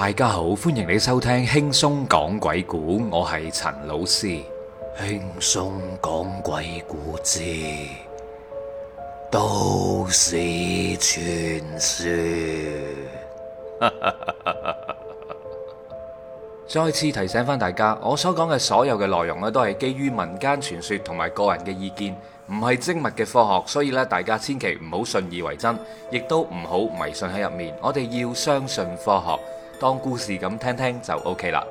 大家好，歡迎你收聽輕鬆講鬼故。我係陳老師，輕鬆講鬼故事都市傳說。 再次提醒翻大家，我所講嘅所有嘅內容咧，都係基於民間傳說同埋個人嘅意見，唔係精密嘅科學，所以咧，大家千祈唔好信以為真，亦都唔好迷信喺入面。我哋要相信科學。當故事咁聽聽就 OK 啦。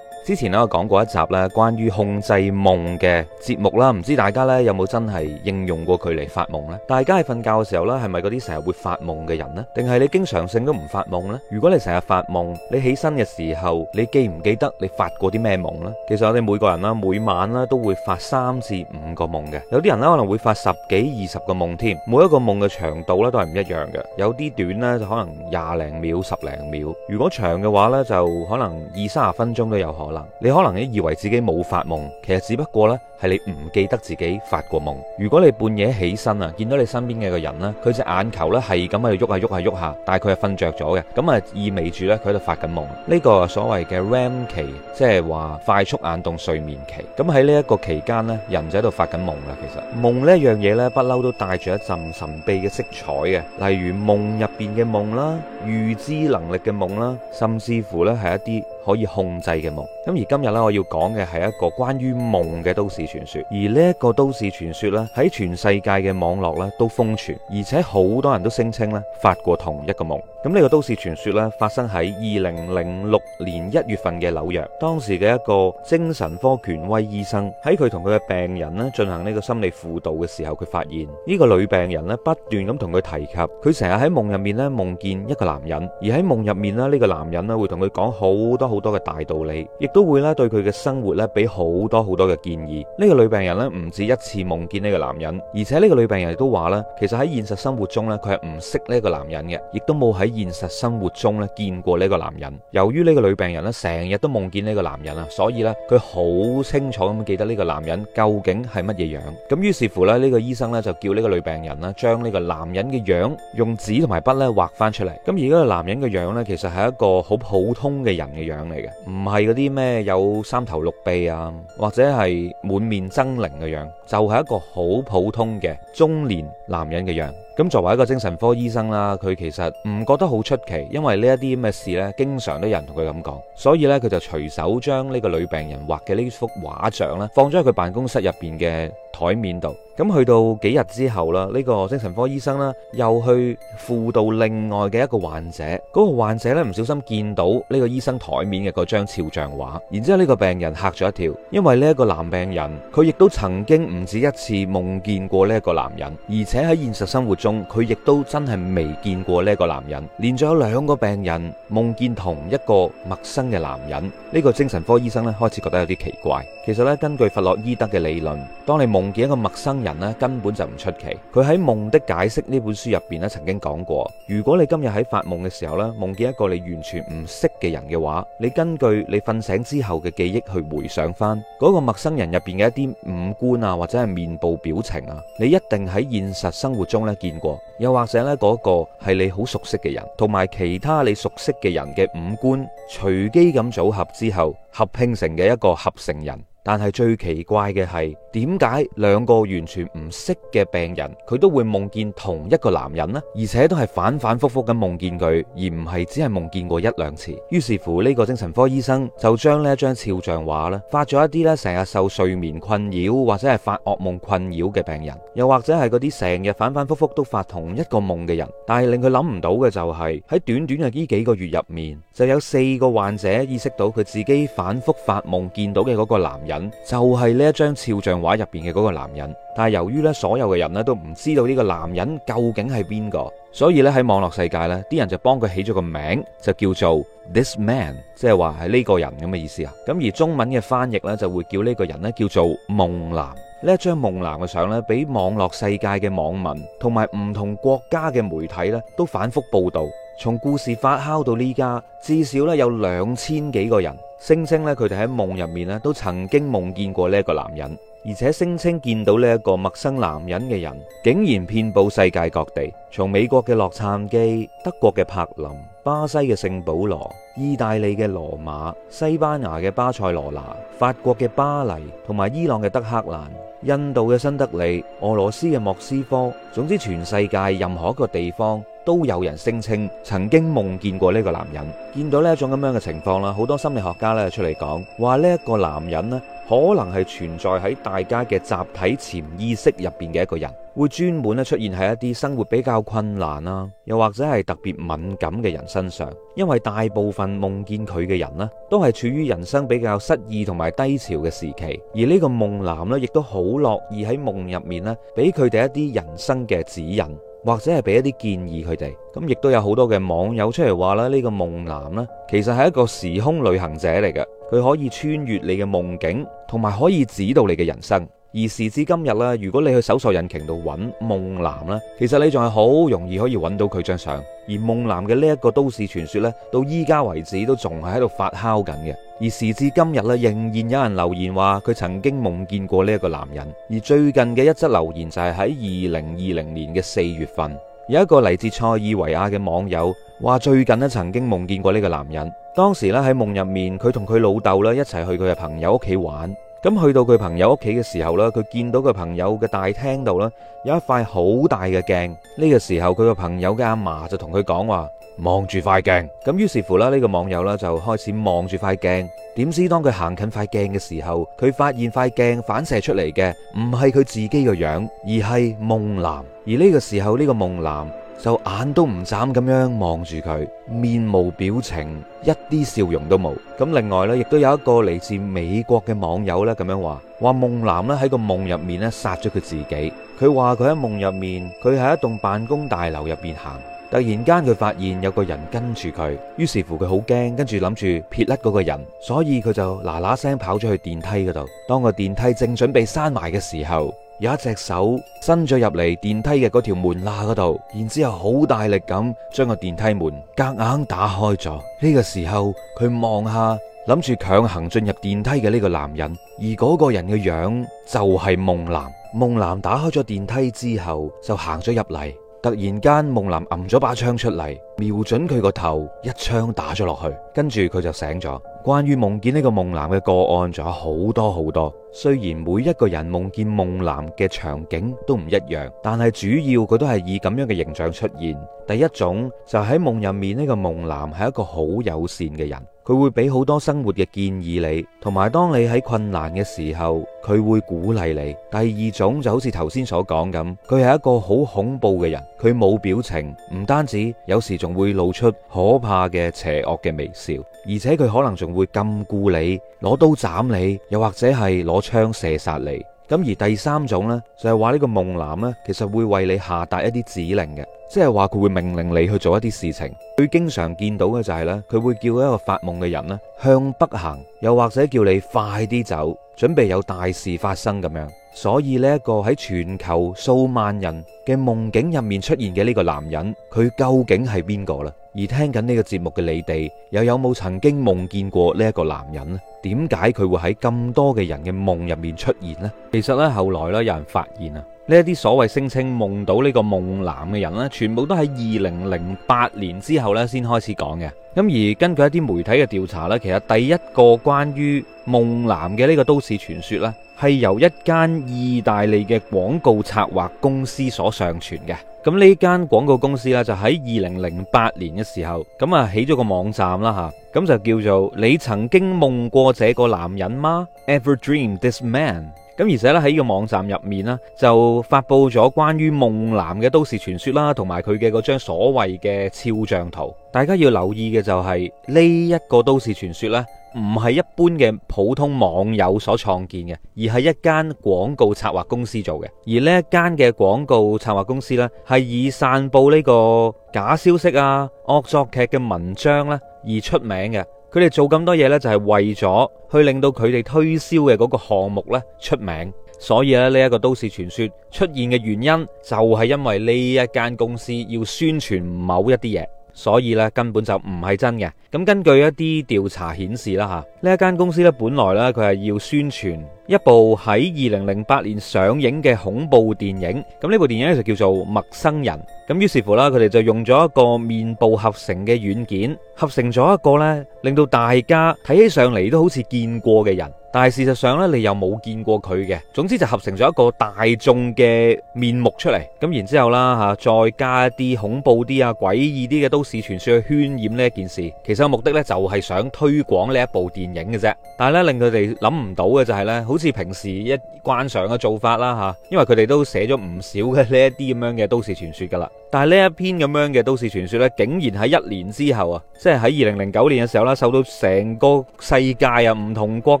之前咧我講過一集咧關於控制夢嘅節目啦，唔知大家咧有冇真係應用過佢嚟發夢呢？大家喺瞓覺嘅時候咧，係咪嗰啲成日會發夢嘅人呢？定係你經常性都唔發夢呢？如果你成日發夢，你起身嘅時候，你記唔記得你發過啲咩夢呢？其實我哋每個人啦，每晚咧都會發三至五個夢嘅，有啲人咧可能會發十幾、二十個夢添。每一個夢嘅長度咧都係唔一樣嘅，有啲短呢，就可能廿零秒、十零秒；如果長嘅話呢，就可能二三十分鐘都有可能。你可能咧以為自己冇發夢，其實只不過呢係你唔記得自己發過夢。如果你半夜起身啊，見到你身邊嘅一個人呢，佢隻眼球呢係咁喺度喐下喐下喐下，但係佢係瞓着咗嘅，咁啊意味住呢，佢喺度發緊夢。呢個所謂嘅 r a m REM 期，即係話快速眼動睡眠期，咁喺呢一個期間呢，人就喺度發緊夢啦。其實夢呢樣嘢呢，不嬲都帶住一陣神秘嘅色彩嘅，例如夢入邊嘅夢啦、預知能力嘅夢啦，甚至乎呢係一啲。可以控制嘅夢，咁而今日咧，我要講嘅係一個關於夢嘅都市傳說，而呢一個都市傳說咧，喺全世界嘅網絡咧都瘋傳，而且好多人都聲稱咧發過同一個夢。咁呢個都市傳說咧，發生喺二零零六年一月份嘅紐約。當時嘅一個精神科權威醫生喺佢同佢嘅病人咧進行呢個心理輔導嘅時候，佢發現呢個女病人咧不斷咁同佢提及，佢成日喺夢入面咧夢見一個男人，而喺夢入面呢，呢個男人咧會同佢講好多好多嘅大道理，亦都會咧對佢嘅生活咧俾好多好多嘅建議。呢個女病人呢唔止一次夢見呢個男人，而且呢個女病人亦都話呢，其實喺現實生活中呢，佢係唔識呢個男人嘅，亦都冇喺現實生活中咧見過呢個男人，由於呢個女病人咧成日都夢見呢個男人啊，所以咧佢好清楚咁記得呢個男人究竟係乜嘢樣。咁於是乎咧，呢個醫生咧就叫呢個女病人啦，將呢個男人嘅樣用紙同埋筆咧畫翻出嚟。咁而家個男人嘅樣咧，其實係一個好普通嘅人嘅樣嚟嘅，唔係嗰啲咩有三頭六臂啊，或者係滿面猙獰嘅樣，就係一個好普通嘅中年男人嘅樣。咁作為一個精神科醫生啦，佢其實唔覺得好出奇，因為呢一啲咁嘅事呢，經常都有人同佢咁講，所以呢，佢就隨手將呢個女病人畫嘅呢幅畫像呢，放咗喺佢辦公室入邊嘅台面度咁去到幾日之後啦，呢個精神科醫生呢，又去輔導另外嘅一個患者，嗰個患者呢，唔小心見到呢個醫生台面嘅嗰張肖像畫，然之後呢個病人吓咗一跳，因為呢一個男病人佢亦都曾經唔止一次夢見過呢一個男人，而且喺現實生活中佢亦都真係未見過呢個男人，連續有兩個病人夢見同一個陌生嘅男人，呢個精神科醫生呢，開始覺得有啲奇怪。其實呢，根據弗洛伊德嘅理論，當你夢夢見一個陌生人咧，根本就唔出奇。佢喺《夢的解釋》呢本書入邊咧，曾經講過，如果你今日喺發夢嘅時候咧，夢見一個你完全唔識嘅人嘅話，你根據你瞓醒之後嘅記憶去回想翻，嗰個陌生人入邊嘅一啲五官啊，或者係面部表情啊，你一定喺現實生活中呢見過，又或者呢，嗰個係你好熟悉嘅人，同埋其他你熟悉嘅人嘅五官隨機咁組合之後合拼成嘅一個合成人。但係最奇怪嘅係，點解兩個完全唔識嘅病人，佢都會夢見同一個男人呢？而且都係反反復復咁夢見佢，而唔係只係夢見過一兩次。於是乎，呢個精神科醫生就將呢一張肖像畫啦，發咗一啲咧成日受睡眠困擾或者係發噩夢困擾嘅病人，又或者係嗰啲成日反反復復都發同一個夢嘅人。但係令佢諗唔到嘅就係，喺短短嘅呢幾個月入面，就有四個患者意識到佢自己反復發夢見到嘅嗰個男人。就係呢一張肖像畫入邊嘅嗰個男人，但係由於咧，所有嘅人咧都唔知道呢個男人究竟係邊個，所以咧喺網絡世界咧，啲人就幫佢起咗個名，就叫做 This Man，即係話係呢個人咁嘅意思啊。咁而中文嘅翻譯咧就會叫呢個人咧叫做夢男。呢一張夢男嘅相咧，俾網絡世界嘅網民同埋唔同國家嘅媒體咧都反覆報道。從故事發酵到呢家，至少咧有兩千幾個人聲稱咧，佢哋喺夢入面咧都曾經夢見過呢一個男人，而且聲稱見到呢一個陌生男人嘅人，竟然遍布世界各地，從美國嘅洛杉磯、德國嘅柏林、巴西嘅聖保羅、意大利嘅羅馬、西班牙嘅巴塞羅那、法國嘅巴黎，同埋伊朗嘅德黑蘭、印度嘅新德里、俄羅斯嘅莫斯科，總之全世界任何一個地方。都有人聲稱曾經夢見過呢個男人，見到呢一種咁樣嘅情況啦。好多心理學家呢出嚟講話呢一個男人呢，可能係存在喺大家嘅集體潛意識入邊嘅一個人，會專門呢出現喺一啲生活比較困難啊，又或者係特別敏感嘅人身上。因為大部分夢見佢嘅人呢，都係處於人生比較失意同埋低潮嘅時期，而呢個夢男呢，亦都好樂意喺夢入面呢，俾佢哋一啲人生嘅指引。或者係俾一啲建議佢哋，咁亦都有好多嘅網友出嚟話啦，呢個夢男咧，其實係一個時空旅行者嚟嘅，佢可以穿越你嘅夢境，同埋可以指導你嘅人生。而時至今日咧，如果你去搜索引擎度揾夢男咧，其實你仲係好容易可以揾到佢張相。而夢男嘅呢一個都市傳說咧，到依家為止都仲係喺度發酵緊嘅。而時至今日咧，仍然有人留言話佢曾經夢見過呢一個男人。而最近嘅一則留言就係喺二零二零年嘅四月份，有一個嚟自塞爾維亞嘅網友話最近咧曾經夢見過呢個男人。當時咧喺夢入面，佢同佢老豆咧一齊去佢嘅朋友屋企玩。咁去到佢朋友屋企嘅時候呢，佢見到佢朋友嘅大廳度呢，有一塊好大嘅鏡。呢個時候，佢個朋友嘅阿嫲就同佢講，話望住塊鏡。咁於是乎啦，呢個網友呢，就開始望住塊鏡。點知當佢行近塊鏡嘅時候，佢發現塊鏡反射出嚟嘅唔係佢自己嘅樣，而係夢男。而呢個時候，呢個夢男。就眼都唔眨咁樣望住佢，面無表情，一啲笑容都冇。咁另外咧，亦都有一個嚟自美國嘅網友咧，咁樣話：話夢男咧，喺個夢入面咧，殺咗佢自己。佢話佢喺夢入面，佢喺一棟辦公大樓入邊行，突然間佢發現有個人跟住佢，於是乎佢好驚，跟住諗住撇甩嗰個人，所以佢就嗱嗱聲跑咗去電梯嗰度。當個電梯正準備閂埋嘅時候。有一隻手伸咗入嚟電梯嘅嗰條門罅嗰度，然之後好大力咁將個電梯門夾硬打開咗。呢、這個時候佢望下，諗住強行進入電梯嘅呢個男人，而嗰個人嘅樣就係夢男。夢男打開咗電梯之後，就行咗入嚟。突然間，夢男揞咗把槍出嚟，瞄準佢個頭，一槍打咗落去，跟住佢就醒咗。關於夢見呢個夢男嘅個案，仲有好多好多。雖然每一個人夢見夢男嘅場景都唔一樣，但係主要佢都係以咁樣嘅形象出現。第一種就喺夢入面呢個夢男係一個好友善嘅人。佢會俾好多生活嘅建議你，同埋當你喺困難嘅時候，佢會鼓勵你。第二種就好似頭先所講咁，佢係一個好恐怖嘅人，佢冇表情，唔單止，有時仲會露出可怕嘅邪惡嘅微笑，而且佢可能仲會禁錮你，攞刀斬你，又或者係攞槍射殺你。咁而第三種呢，就係話呢個夢男呢，其實會為你下達一啲指令嘅，即係話佢會命令你去做一啲事情。佢經常見到嘅就係呢，佢會叫一個發夢嘅人呢向北行，又或者叫你快啲走，準備有大事發生咁樣。所以呢一個喺全球數萬人嘅夢境入面出現嘅呢個男人，佢究竟係邊個呢？而聽緊呢個節目嘅你哋，又有冇曾經夢見過呢一個男人呢？點解佢會喺咁多嘅人嘅夢入面出現呢？其實呢，後來呢，有人發現啊。呢一啲所謂聲稱夢到呢個夢男嘅人咧，全部都喺二零零八年之後咧先開始講嘅。咁而根據一啲媒體嘅調查，呢其實第一個關於夢男嘅呢個都市傳說，呢係由一間意大利嘅廣告策劃公司所上傳嘅。咁呢間廣告公司呢，就喺二零零八年嘅時候咁啊，起咗個網站啦吓，咁就叫做你曾經夢過這個男人嗎？Ever dream this man？咁而且咧喺呢個網站入面呢就發布咗關於夢男嘅都市傳說啦，同埋佢嘅嗰張所謂嘅肖像圖。大家要留意嘅就係呢一個都市傳說呢，唔係一般嘅普通網友所創建嘅，而係一間廣告策劃公司做嘅。而呢一間嘅廣告策劃公司呢，係以散布呢個假消息啊、惡作劇嘅文章咧而出名嘅。佢哋做咁多嘢呢，就係為咗去令到佢哋推銷嘅嗰個項目呢出名，所以咧呢一個都市傳說出現嘅原因就係因為呢一間公司要宣傳某一啲嘢，所以呢根本就唔係真嘅。咁根據一啲調查顯示啦，吓呢一間公司呢本來呢，佢係要宣傳。一部喺二零零八年上映嘅恐怖電影，咁呢部電影咧就叫做《陌生人》。咁於是乎啦，佢哋就用咗一個面部合成嘅軟件，合成咗一個咧令到大家睇起上嚟都好似見過嘅人，但係事實上咧你又冇見過佢嘅。總之就合成咗一個大眾嘅面目出嚟。咁然之後啦吓，再加一啲恐怖啲啊、詭異啲嘅都市傳說去渲染呢一件事。其實個目的咧就係想推廣呢一部電影嘅啫。但係咧令佢哋諗唔到嘅就係咧好。好似平時一慣常嘅做法啦吓，因為佢哋都寫咗唔少嘅呢一啲咁樣嘅都市傳說噶啦。但係呢一篇咁樣嘅都市傳說呢，竟然喺一年之後啊，即係喺二零零九年嘅時候啦，受到成個世界啊唔同國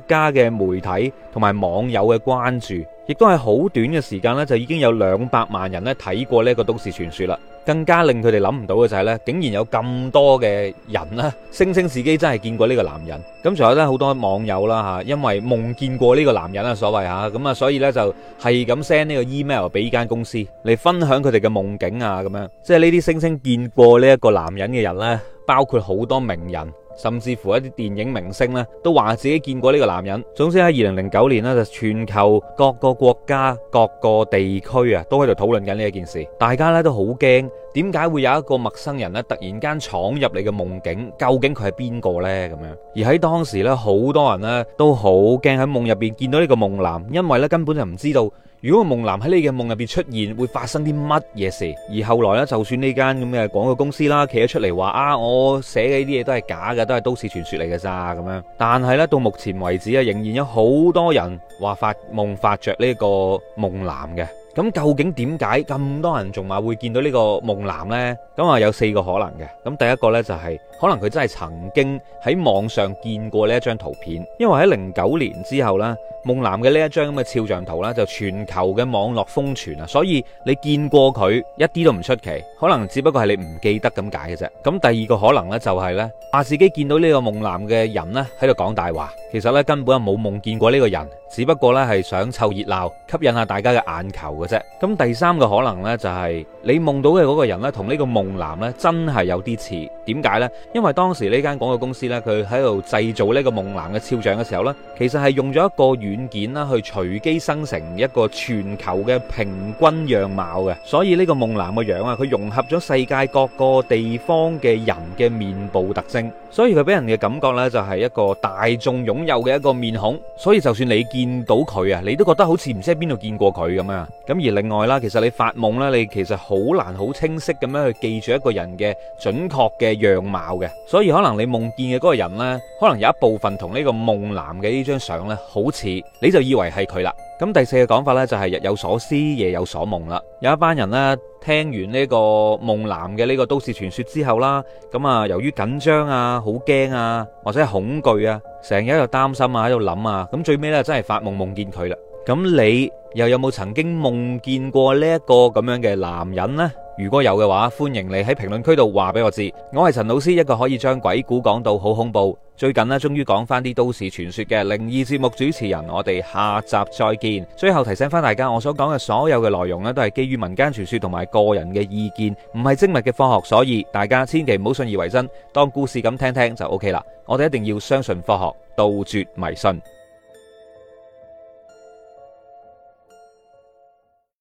家嘅媒體同埋網友嘅關注，亦都係好短嘅時間呢，就已經有兩百萬人呢睇過呢一個都市傳說啦。更加令佢哋諗唔到嘅就係呢，竟然有咁多嘅人咧，聲稱自己真係見過呢個男人。咁仲有呢好多網友啦吓，因為夢見過呢個男人啊，所謂吓，咁啊，所以呢就係咁 send 呢個 email 俾間公司嚟分享佢哋嘅夢境啊，咁樣，即係呢啲聲稱見過呢一個男人嘅人呢，包括好多名人。甚至乎一啲電影明星咧，都話自己見過呢個男人。總之喺二零零九年咧，就全球各個國家、各個地區啊，都喺度討論緊呢一件事，大家咧都好驚。點解會有一個陌生人咧，突然間闖入你嘅夢境？究竟佢係邊個呢？咁樣而喺當時呢，好多人呢都好驚喺夢入邊見到呢個夢男，因為咧根本就唔知道，如果夢男喺你嘅夢入邊出現，會發生啲乜嘢事？而後來咧，就算呢間咁嘅廣告公司啦，企咗出嚟話啊，我寫嘅呢啲嘢都係假嘅，都係都市傳說嚟嘅咋咁樣。但係咧，到目前為止啊，仍然有好多人話發夢發著呢個夢男嘅。咁究竟點解咁多人仲話會見到呢個夢男呢？咁啊有四個可能嘅。咁第一個呢、就係，就係可能佢真係曾經喺網上見過呢一張圖片，因為喺零九年之後咧，夢男嘅呢一張咁嘅肖像圖呢，就全球嘅網絡瘋傳啊，所以你見過佢一啲都唔出奇，可能只不過係你唔記得咁解嘅啫。咁第二個可能呢、就係，就係呢，話自己見到呢個夢男嘅人呢，喺度講大話，其實呢，根本啊冇夢見過呢個人，只不過呢，係想湊熱鬧吸引下大家嘅眼球嘅。啫咁，第三個可能呢，就係你夢到嘅嗰個人呢，同呢個夢男呢，真係有啲似。點解呢？因為當時呢間廣告公司呢，佢喺度製造呢個夢男嘅肖像嘅時候呢，其實係用咗一個軟件啦，去隨機生成一個全球嘅平均樣貌嘅，所以呢個夢男嘅樣啊，佢融合咗世界各個地方嘅人嘅面部特徵，所以佢俾人嘅感覺呢，就係一個大眾擁有嘅一個面孔，所以就算你見到佢啊，你都覺得好似唔知喺邊度見過佢咁啊。咁而另外啦，其實你發夢呢，你其實好難好清晰咁樣去記住一個人嘅準確嘅樣貌嘅，所以可能你夢見嘅嗰個人呢，可能有一部分同呢個夢男嘅呢張相呢，好似，你就以為係佢啦。咁第四個講法呢，就係，就係日有所思夜有所夢啦。有一班人呢，聽完呢個夢男嘅呢個都市傳說之後啦，咁啊由於緊張啊、好驚啊或者恐懼啊，成日喺度擔心啊、喺度諗啊，咁最尾呢，真係發夢夢見佢啦。咁你又有冇曾經夢見過呢一個咁樣嘅男人呢？如果有嘅話，歡迎你喺評論區度話俾我知。我係陳老師，一個可以將鬼故講到好恐怖，最近咧終於講翻啲都市傳說嘅靈異節目主持人。我哋下集再見。最後提醒翻大家，我所講嘅所有嘅內容咧，都係基於民間傳說同埋個人嘅意見，唔係精密嘅科學，所以大家千祈唔好信以為真，當故事咁聽聽就 OK 啦。我哋一定要相信科學，杜絕迷信。